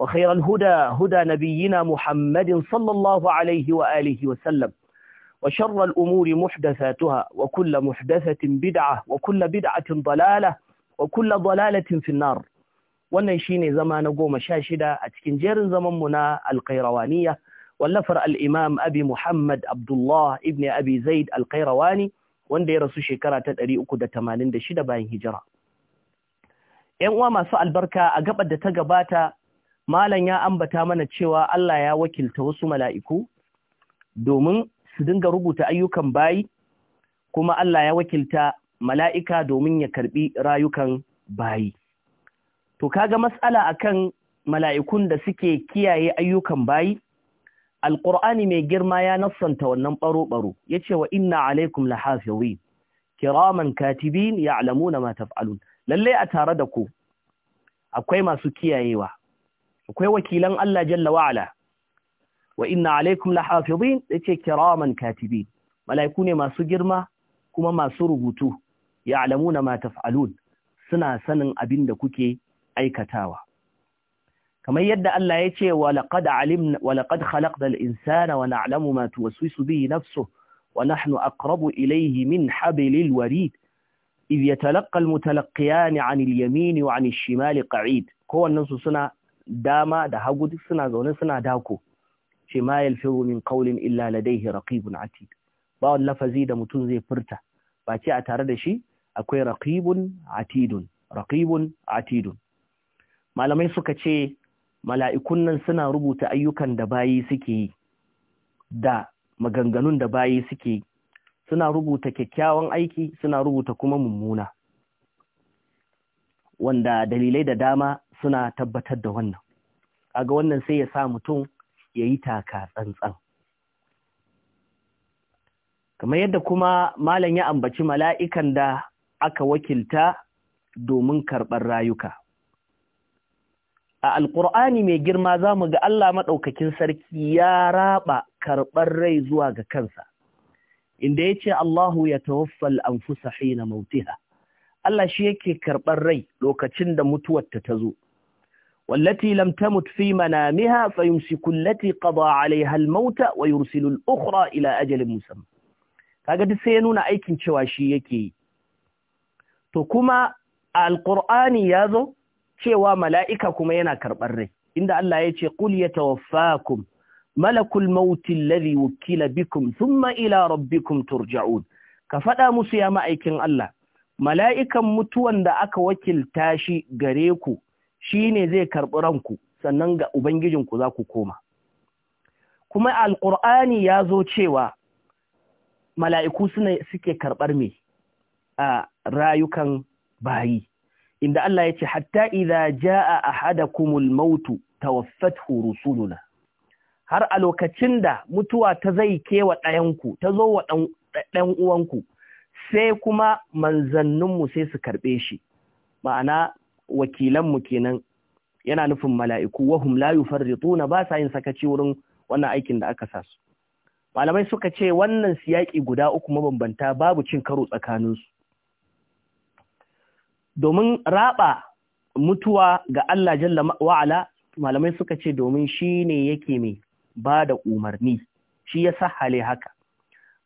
وخير الهدى هدى نبينا محمد صلى الله عليه وآله وسلم وشر الأمور محدثاتها وكل محدثة بدعة وكل بدعة ضلالة وكل ضلالة في النار ونشيني زمان قوم شاشدة أتكنجير زمان منا القيروانية واللفر الإمام أبي محمد عبد الله ابن أبي زيد القيرواني وندير سوشيكرا تدري أكد تمانين دشيدة باين هجرة يعني وما سؤال بركة أقبل دتقباتة malam ya ambata mana cewa Allah ya wakilta wasu mala'iku domin su dinga rubuta ayyukan bayi kuma Allah ya wakilta mala'ika domin ya karbi rayukan bayi to kaga mas'ala akan mala'ikun da suke kiyaye ayyukan bayi alqur'ani mai girma ya nassanta wannan baro baro yace wa inna alaikum lahafiwi, kiraman katibin ya'lamuna ma taf'alun lalle a tare da ku akwai masu kiyayewa akwai wakilan Allah jalla wa'ala wa inna alaikum lahafizin yace kiraman katibin malaiku ne masu girma kuma masu rubutu ya'lamuna ma taf'alun suna sanin abin da kuke aikatawa kamar yadda Allah ya ce wa laqad alimna wa laqad khalaqnal insana wa na'lamu ma tuwaswisu bihi nafsuhu wa nahnu aqrabu ilayhi min hablil warid إذ يتلقى المتلقيان عن wa وعن الشمال قعيد كوانا suna. dama da hagu duk suna zaune suna dako ce ma yalfiru min qawlin illa ladayhi raqibun atid ba wal lafazi da mutum zai furta ba ce a tare da shi akwai raqibun atidun raqibun atidun malamai suka ce mala'ikun nan suna rubuta ayyukan da bayi suke yi da maganganun da bayi suke yi suna rubuta kyakkyawan aiki suna rubuta kuma mummuna wanda dalilai da dama suna tabbatar da wannan kaga wannan sai ya sa mutum ya yi taka tsantsan kamar yadda kuma malam ya ambaci mala'ikan da aka wakilta domin karɓar rayuka a alƙur'ani mai girma za mu ga Allah maɗaukakin sarki ya raba karɓar rai zuwa ga kansa inda ya ce Allahu ya tawaffal fusa hina mautiha Allah shi yake karɓar rai lokacin da mutuwarta ta zo والتي لم تمت في منامها فيمسك التي قضى عليها الموت ويرسل ila ajalin أجل مسمى kaga duk sai ya nuna aikin cewa shi yake yi to kuma alqur'ani ya zo cewa mala'ika kuma yana karɓar rai inda Allah ya ce qul yatawaffakum malakul maut alladhi wukila bikum thumma ila rabbikum turja'un ka faɗa musu ya ma aikin Allah mala'ikan mutuwan da aka wakilta shi gare ku shi ne zai karɓi ranku sannan ga Ubangijinku za ku koma. Kuma Alƙur'ani ya zo cewa mala'iku suke karɓar mai a rayukan bayi, inda Allah ya ce, Hatta idha ja a hada kumul mautu ta tawaffatu rusuluna. Har a lokacin da mutuwa ta zai kewa ɗayanku, ta zo wa ɗan uwanku, sai kuma manzanninmu sai su karɓe shi. Ma'ana wakilanmu kenan yana nufin mala'iku wahum la yufarrituna ba sa yin sakaci wurin wannan aikin da aka sasu. malamai suka ce wannan siyaƙi guda uku mabambanta babu cin karo tsakaninsu domin raba mutuwa ga Allah jalla wa'ala malamai suka ce domin shi ne yake mai ba da umarni shi ya sahale haka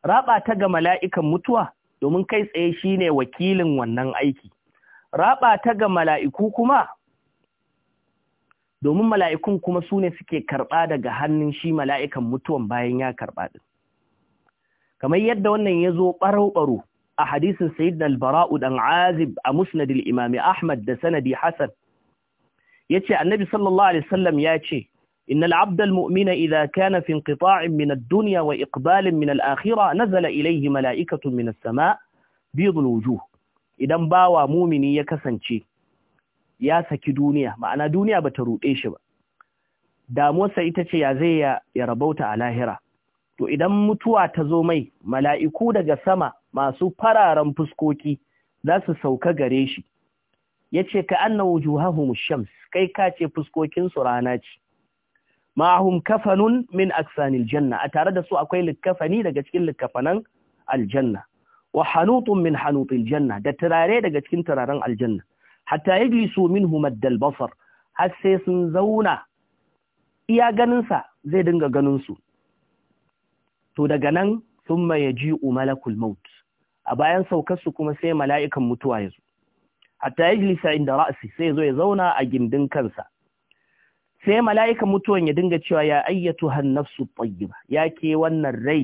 raba ta ga mala'ikan mutuwa domin kai tsaye shine wakilin wannan aiki raba ta ga mala'iku kuma domin mala'ikun kuma su ne suke karɓa daga hannun shi mala'ikan mutuwan bayan ya karɓa ɗin. Kamar yadda wannan ya zo ɓaro-ɓaro a hadisin Sayyid al-Bara'u ɗan Azib a Musnadil Imami Ahmad da Sanadi Hassan, ya ce, Annabi sallallahu Alaihi Wasallam ya ce, إن العبد المؤمن إذا كان في انقطاع من الدنيا وإقبال من الآخرة نزل إليه ملائكة من السماء بيض الوجوه idan bawa mumini ya kasance ya saki duniya ma'ana duniya ba ta ruɗe shi ba damuwarsa ita ce ya zai ya rabauta a lahira to idan mutuwa ta zo mai mala'iku daga sama masu fararen fuskoki za su sauka gare shi ya ce ka wuju! wujuhahum shams kai ka ce fuskokinsu rana ce ma’ahun kafanun min aksanil janna a tare da su akwai likafani daga cikin likafanan aljanna wa hanutun min hanutil janna da turare daga cikin turaren aljanna hatta yajlisu minhu maddal basar har sai sun zauna iya ganinsa zai dinga ganin su to daga nan thumma yaji'u malakul maut a bayan saukar su kuma sai mala'ikan mutuwa yazo hatta yajlisa inda ra'si sai zo ya zauna a gindin kansa sai mala'ikan mutuwan ya dinga cewa ya ayyatu hannafsu tayyiba ya ke wannan rai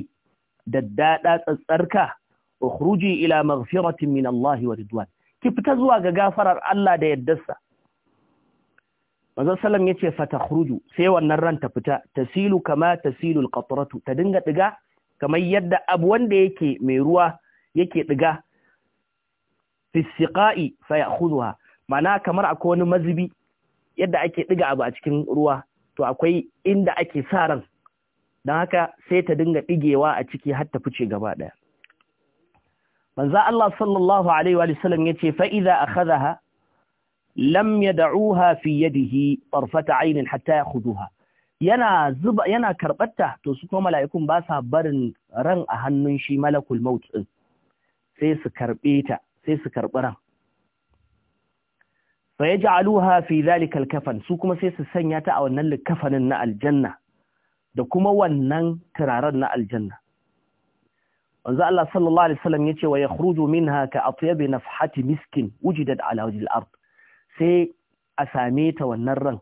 daddada tsatsarka ukhruji ila maghfiratin min Allah wa ridwan ki fita zuwa ga gafarar Allah da yaddarsa manzo sallam yace fatakhruju sai wannan ran ta fita tasilu kama tasilu alqatratu ta dinga diga kamar yadda abu wanda yake mai ruwa yake diga fi siqa'i fa ya'khudha mana kamar akwai wani mazubi yadda ake diga abu a cikin ruwa to akwai inda ake sa ran don haka sai ta dinga digewa a ciki har ta fice gaba daya manzo Allah sallallahu alaihi wa sallam yace fa idza akhadha lam yad'uha fi yadihi tarfata aynin hatta ya'khudha yana zuba yana karbatta to su kuma mala'ikun ba sa barin ran a hannun shi malakul maut din sai su karbe ta sai su ran fa yaj'aluha fi dhalika al-kafan su kuma sai su sanya ta a wannan likafanin na aljanna da kuma wannan turaren na aljanna Wanza Allah sallallahu alaihi wasallam yace wa yakhruju minha ka miskin wujidat ala wajhil ard sai a same ta wannan ran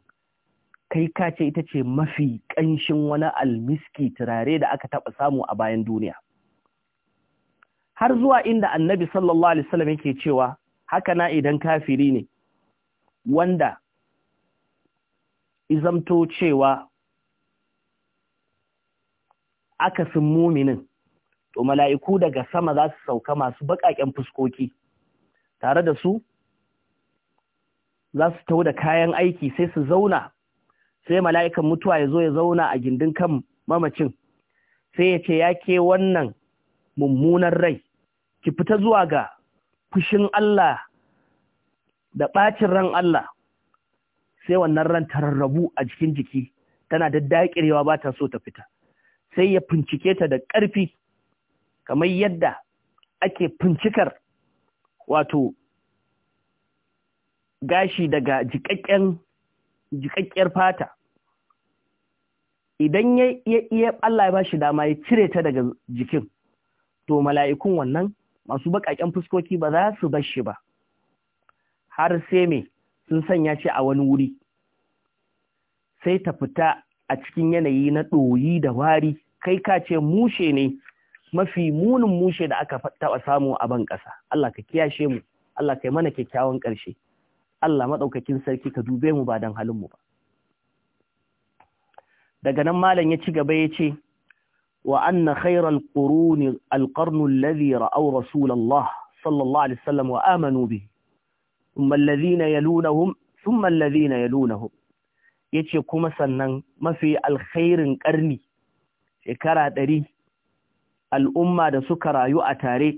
kai ka ce ita ce mafi kanshin wani almiski turare da aka taɓa samu a bayan duniya har zuwa inda annabi sallallahu alaihi wasallam yake cewa haka na idan kafiri ne wanda izamto cewa aka akasin muminin to mala'iku daga sama za su sauka masu baƙaƙen fuskoki tare da su za su tau da kayan aiki sai su zauna sai mala'ikan mutuwa ya zo ya zauna a gindin kan mamacin sai ya ce ya ke wannan mummunan rai ki fita zuwa ga fushin Allah da ɓacin ran Allah sai wannan ran ta rarrabu a jikin jiki tana da daƙirewa ba ta so ta fita sai ya fincike ta da ƙarfi kamar yadda ake fincikar wato gashi daga jikakken jikakkiyar fata idan ya iya Allah ya bashi dama ya cire ta daga jikin to mala'ikun wannan masu baƙaƙen fuskoki ba za su bar shi ba har sai me sun sanya shi a wani wuri sai ta fita a cikin yanayi na ɗoyi da wari kai ka ce mushe ne mafi munin mushe da aka taɓa samu a ban ƙasa. Allah ka kiyashe mu, Allah ka yi mana kyakkyawan ƙarshe. Allah maɗaukakin sarki ka dube mu ba don halinmu ba. Daga nan malam ya ci gaba ya ce, wa anna khairal quruni alƙarnu alladhi ra'au rasulallah sallallahu alaihi wasallam wa amanu bi thumma alladhina yalunahum thumma hum. ya ce kuma sannan mafi alkhairin ƙarni shekara ɗari. al'umma da suka rayu a tare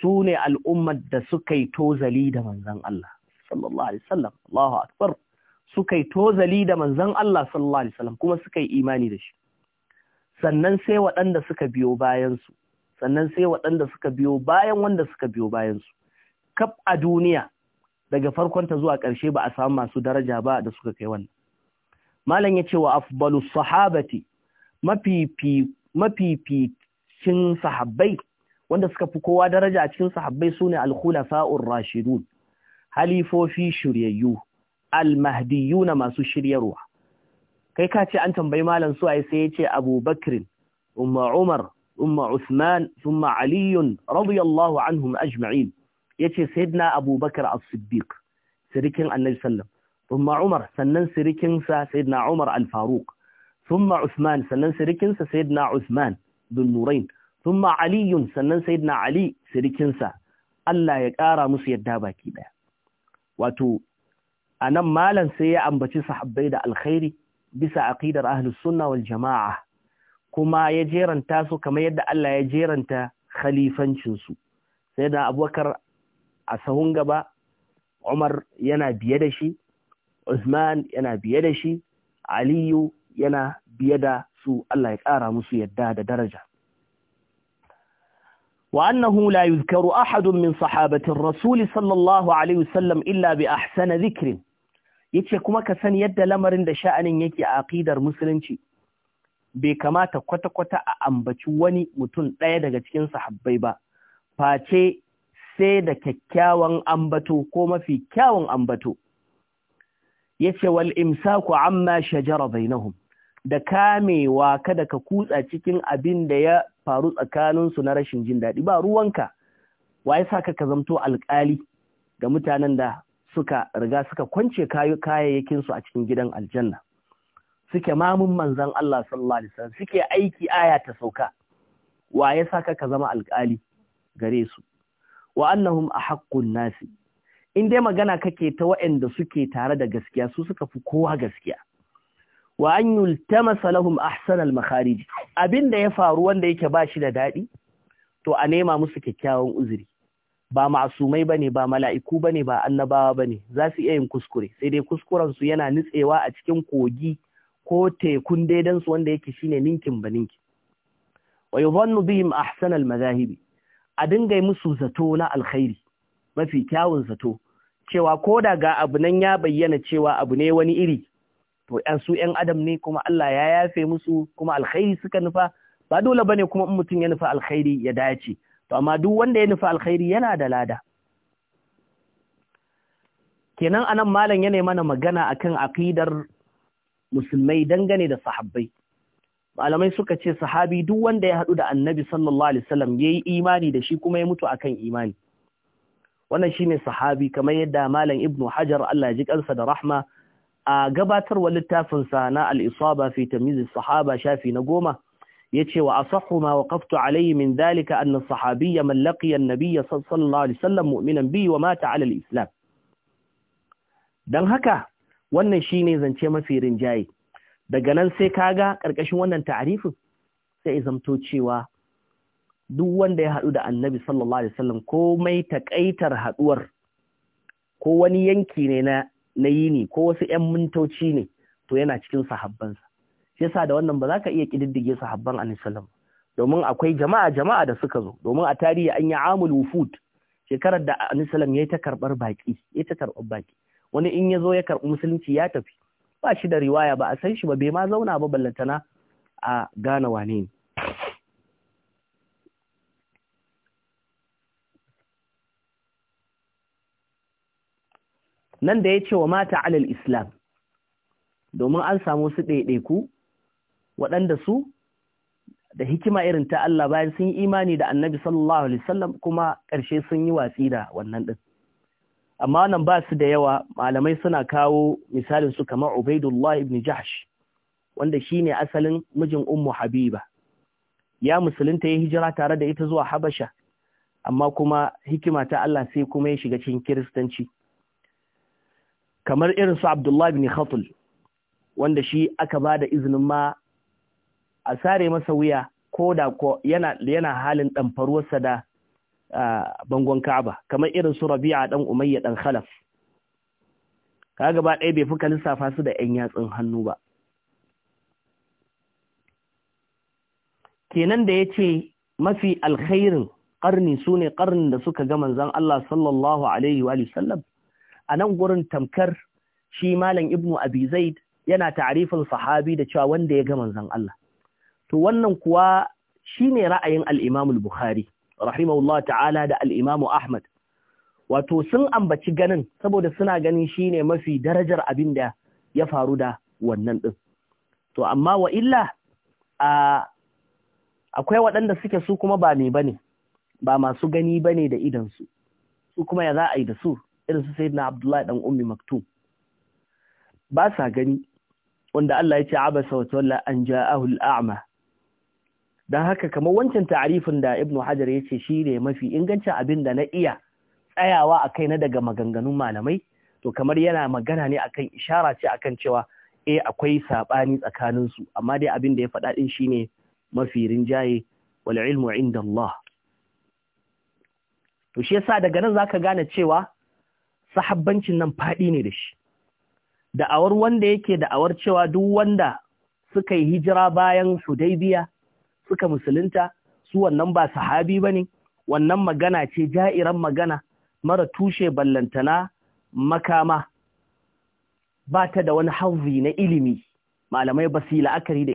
su ne al'ummar da suka yi tozali da manzan Allah sallallahu alaihi wasallam Allahu akbar suka yi tozali da manzan Allah sallallahu alaihi wasallam kuma suka yi imani da shi sannan sai waɗanda suka biyo bayan sannan sai waɗanda suka biyo bayan wanda suka biyo bayansu. su kaf a duniya daga farkonta zuwa ƙarshe ba a samu masu daraja ba da suka kai wannan malam ya ce wa afbalu sahabati mafifi cikin sahabbai wanda suka fi kowa daraja a cikin sahabbai sune al-khulafa'ur rashidun halifofi shiryayyu al-mahdiyuna masu shiryarwa kai ka ce an tambayi malam su ai sai yace Abu Bakr umma Umar umma Uthman thumma Ali radiyallahu anhum ajma'in yace sayyidina Abu Bakr as-Siddiq sirikin Annabi Umma Umar, sannan Sirikinsa سركنسا Umar al الفاروق ثم Usman, sannan Sirikinsa سيدنا Usman. bin nurain thumma aliyun sannan sayyidina ali sirikinsa Allah ya ƙara musu yadda baki ɗaya. Wato, a nan malam sai ya ambaci sahabbai da alkhairi bisa aƙidar ahlus sunna wal jama'a, kuma ya jeranta su kamar yadda Allah ya jeranta khalifancinsu. su da abubakar a sahun gaba, Umar yana biye da shi, Usman yana biye da shi, Aliyu yana biye da su Allah ya ƙara musu yadda da daraja وأنه لا يذكر أحد من صحابة الرسول صلى الله illa وسلم إلا بأحسن ذكر yace kuma ka sani yadda lamarin da sha'anin yake a aqidar musulunci bai kamata kwata-kwata a ambaci wani mutum ɗaya daga cikin sahabbai ba face sai da kyakkyawan ambato ko mafi kyawun ambato yace wal imsaku amma shajara bainahum da kamewa kada ka kutsa cikin abin da ya faru tsakaninsu na rashin jin daɗi ba ruwanka waye sa ka zamto alƙali ga mutanen da suka riga suka kwance kayayyakin su a cikin gidan aljanna suke mamun manzan Allah sallallahu alaihi wasallam suke aiki aya ta sauka waye sa ka zama alƙali gare su wa annahum ahaqqun nasi in dai magana kake ta waɗanda suke tare da gaskiya su suka fi kowa gaskiya wa an yultamasa lahum ahsanal makharij abinda ya faru wanda yake ba shi da dadi to a nema musu kyakkyawan uzuri ba masumai bane ba mala'iku bane ba annabawa bane za su iya yin kuskure sai dai kuskuren su yana nitsewa a cikin kogi ko tekun daidan su wanda yake shine ninkin ba ninkin wa yuzannu bihim ahsanal madahib a dinga musu zato na alkhairi mafi kyawun zato cewa ko daga ga abu nan ya bayyana cewa abu ne wani iri to ‘yan su ‘yan adam ne kuma Allah ya yafe musu kuma alkhairi suka nufa ba dole ba ne kuma in mutum ya nufa alkhairi ya dace to amma duk wanda ya nufa alkhairi yana da lada kenan anan malam ya yana mana magana akan aqidar musulmai dangane da sahabbai malamai suka ce sahabi duk wanda ya hadu da annabi sallallahu alaihi wasallam yayi imani da shi kuma ya mutu akan imani wannan shine sahabi kamar yadda malam ibnu hajar Allah ya ji kansa da rahma a gabatarwa littafinsa na al'isaba fi tamizi sahaba shafi na goma ya ce wa asahu ma waqaftu alayhi min dalika anna sahabiyya man laqiya sallallahu alaihi sallam mu'minan bihi wa mata ala islam dan haka wannan shine zance mafi rinjaye daga nan sai kaga karkashin wannan ta'arifin sai zamto cewa duk wanda ya haɗu da annabi sallallahu alaihi sallam komai takaitar haɗuwar ko wani yanki ne na na yi ne ko wasu 'yan mintoci ne to yana cikin sahabbansa shi yasa da wannan ba za ka iya ƙididdige sahabban anisalam domin akwai jama'a jama'a da suka zo domin a tarihi an yi amul wufud shekarar da anisalam ya yi ta karɓar baƙi ya ta karɓar baƙi wani in ya zo ya karɓi musulunci ya tafi ba shi da riwaya ba a san shi ba bai ma zauna ba ballantana a gane wane ne nan da ya ce wa mata alal islam domin an samu su ɗaiɗaiku waɗanda su da hikima irin ta Allah bayan sun yi imani da annabi sallallahu alaihi wasallam kuma ƙarshe sun yi watsi da wannan ɗin amma wannan ba su da yawa malamai suna kawo misalin su kamar Ubaidullah ibn Jahsh wanda shine asalin mijin Ummu Habiba ya musulunta ya hijira tare da ita zuwa Habasha amma kuma hikima ta Allah sai kuma ya shiga cikin Kiristanci kamar irin su Abdullahi bin Khatul wanda shi aka ba da izinin ma a sare masa wuya ko da ko yana yana halin sa da bangon Ka'aba kamar irin su Rabi'a dan Umayya dan Khalaf kaga ba ɗaya bai fuka lissafa su da 'yan yatsun hannu ba kenan da ya ce mafi alkhairin ƙarni sune ne ƙarnin da suka ga Manzon Allah sallallahu Alaihi wa sallam a nan gurin tamkar shi malam ibnu abi zaid yana ta'rifin sahabi da cewa wanda ya ga manzon Allah to wannan kuwa shine ra'ayin al-Imam al-Bukhari rahimahullahu ta'ala da al-Imam Ahmad wato sun ambaci ganin saboda suna ganin shine mafi darajar abin da ya faru da wannan din to amma wa illa a akwai waɗanda suke su kuma ba ne bane ba masu gani bane da idan su su kuma ya za a yi da su irin sai na Abdullahi dan ummi maktum ba sa gani wanda Allah ya ce abasa wa tawalla an ja ahul ama Don haka kamar wancan ta'arifin da Ibn Hajar ya ce shi ne mafi ingancin abin da na iya tsayawa a kai na daga maganganun malamai to kamar yana magana ne akan ishara ce akan cewa eh akwai saɓani tsakaninsu". amma dai abin da ya faɗa shi shine mafi rinjaye wal ilmu inda Allah to shi yasa daga nan zaka gane cewa sahabbancin nan faɗi ne da shi da'awar wanda yake da'awar cewa duk wanda suka yi hijira bayan hudaybiya suka musulunta su wannan ba sahabi bane wannan magana ce ja'iran magana mara tushe ballantana makama ba ta da wani hauzi na ilimi malamai basi, yi la'akari da